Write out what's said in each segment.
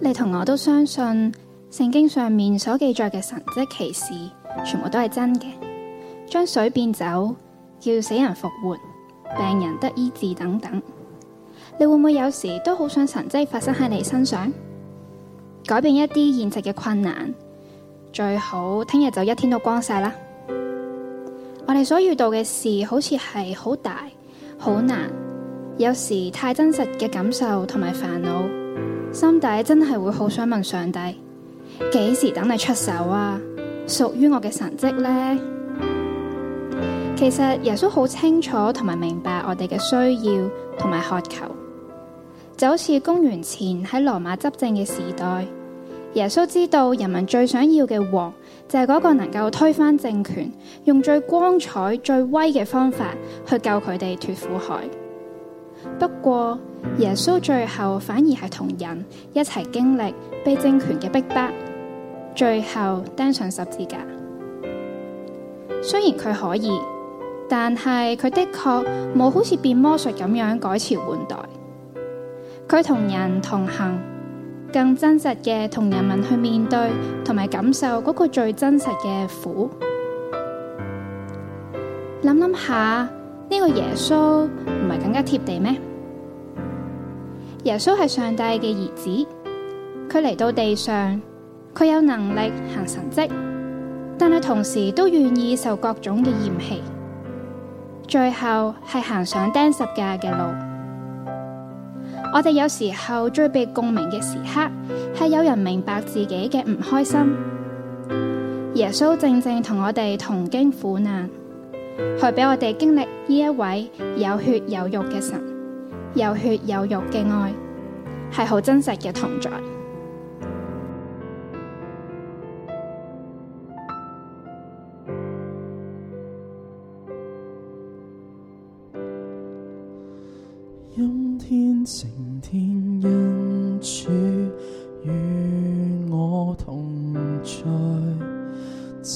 你同我都相信聖經上面所記載嘅神蹟奇事，全部都係真嘅。將水變酒，叫死人復活，病人得醫治等等。你會唔會有時都好想神蹟發生喺你身上，改變一啲現實嘅困難？最好聽日就一天都光晒啦。我哋所遇到嘅事好似係好大、好難，有時太真實嘅感受同埋煩惱。心底真係會好想問「上帝，幾時等你出手啊？屬於我嘅神蹟呢？」其實耶穌好清楚同埋明白我哋嘅需要同埋渴求，就好似公元前喺羅馬執政嘅時代，耶穌知道人民最想要嘅王就係嗰個能夠推翻政權，用最光彩最威嘅方法去救佢哋脫苦海。不過耶穌最後反而係同人一齊經歷被政權嘅逼迫，迫，最後釘上十字架。雖然佢可以，但係佢的確冇好似變魔術咁樣改朝換代。佢同人同行，更真實嘅同人民去面對同埋感受嗰個最真實嘅苦。諗諗下。呢個耶穌唔係更加貼地咩？耶穌係上帝嘅兒子，佢嚟到地上，佢有能力行神蹟，但係同時都願意受各種嘅嫌棄。最後係行上釘十架嘅路。我哋有時候最被共鳴嘅時刻，係有人明白自己嘅唔開心。耶穌正正同我哋同經苦難。去俾我哋經歷呢一位有血有肉嘅神，有血有肉嘅愛，係好真實嘅同在。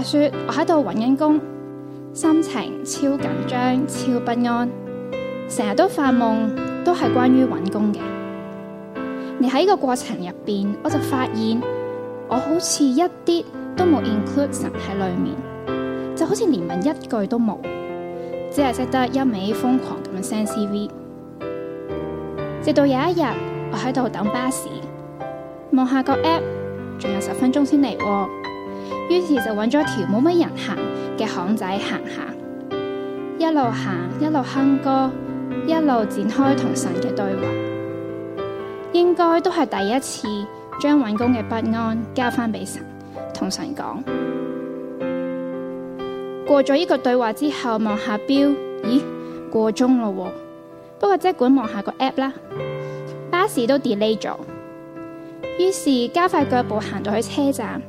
話說，我喺度揾緊工，心情超緊張、超不安，成日都發夢，都係關於揾工嘅。而喺個過程入邊，我就發現我好似一啲都冇 include 神喺裏面，就好似連問一句都冇，只係識得一味瘋狂咁樣 send CV。直到有一日，我喺度等巴士，望下個 app，仲有十分鐘先嚟喎。於是就揾咗條冇乜人行嘅巷仔行下，一路行一路哼歌，一路展開同神嘅對話，應該都係第一次將揾工嘅不安交翻俾神，同神講。過咗呢個對話之後，望下表，咦，過鐘咯，哦，不過即管望下個 app 啦，巴士都 delay 咗，於是加快腳步行到去車站。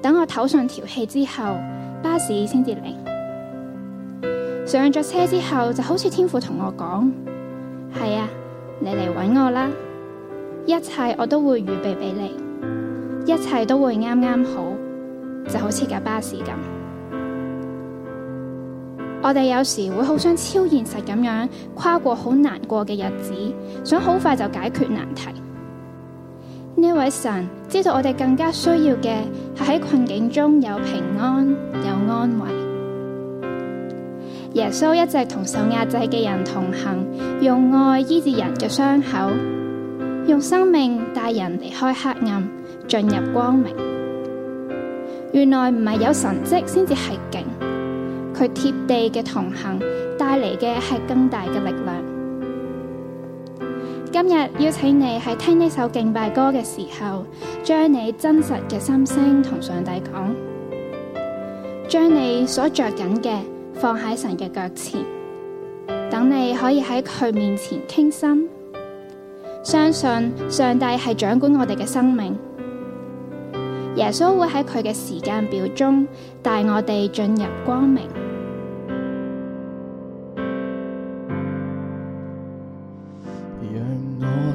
等我唞上條氣之後，巴士先至嚟。上咗車之後，就好似天父同我講：係啊，你嚟搵我啦，一切我都會預備俾你，一切都會啱啱好，就好似架巴士咁。我哋有時會好想超現實咁樣跨過好難過嘅日子，想好快就解決難題。呢位神知道我哋更加需要嘅，係喺困境中有平安，有安慰。耶穌一直同受壓制嘅人同行，用愛醫治人嘅傷口，用生命帶人離開黑暗，進入光明。原來唔係有神蹟先至係勁，佢貼地嘅同行帶嚟嘅係更大嘅力量。今日邀請你喺聽呢首敬拜歌嘅時候，將你真實嘅心聲同上帝講，將你所着緊嘅放喺神嘅腳前，等你可以喺佢面前傾心。相信上帝係掌管我哋嘅生命，耶穌會喺佢嘅時間表中帶我哋進入光明。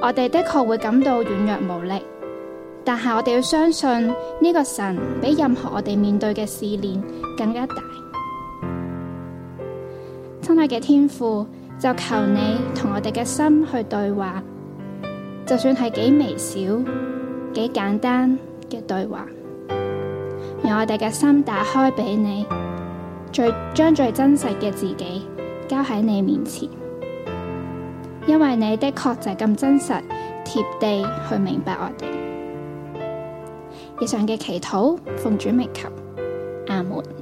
我哋的確會感到軟弱無力，但係我哋要相信呢個神比任何我哋面對嘅試煉更加大。親愛嘅天父，就求你同我哋嘅心去對話，就算係幾微小，幾簡單嘅對話。我哋嘅心打開俾你，最將最真實嘅自己交喺你面前，因為你的確就係咁真實，貼地去明白我哋。以上嘅祈禱奉主名求，阿門。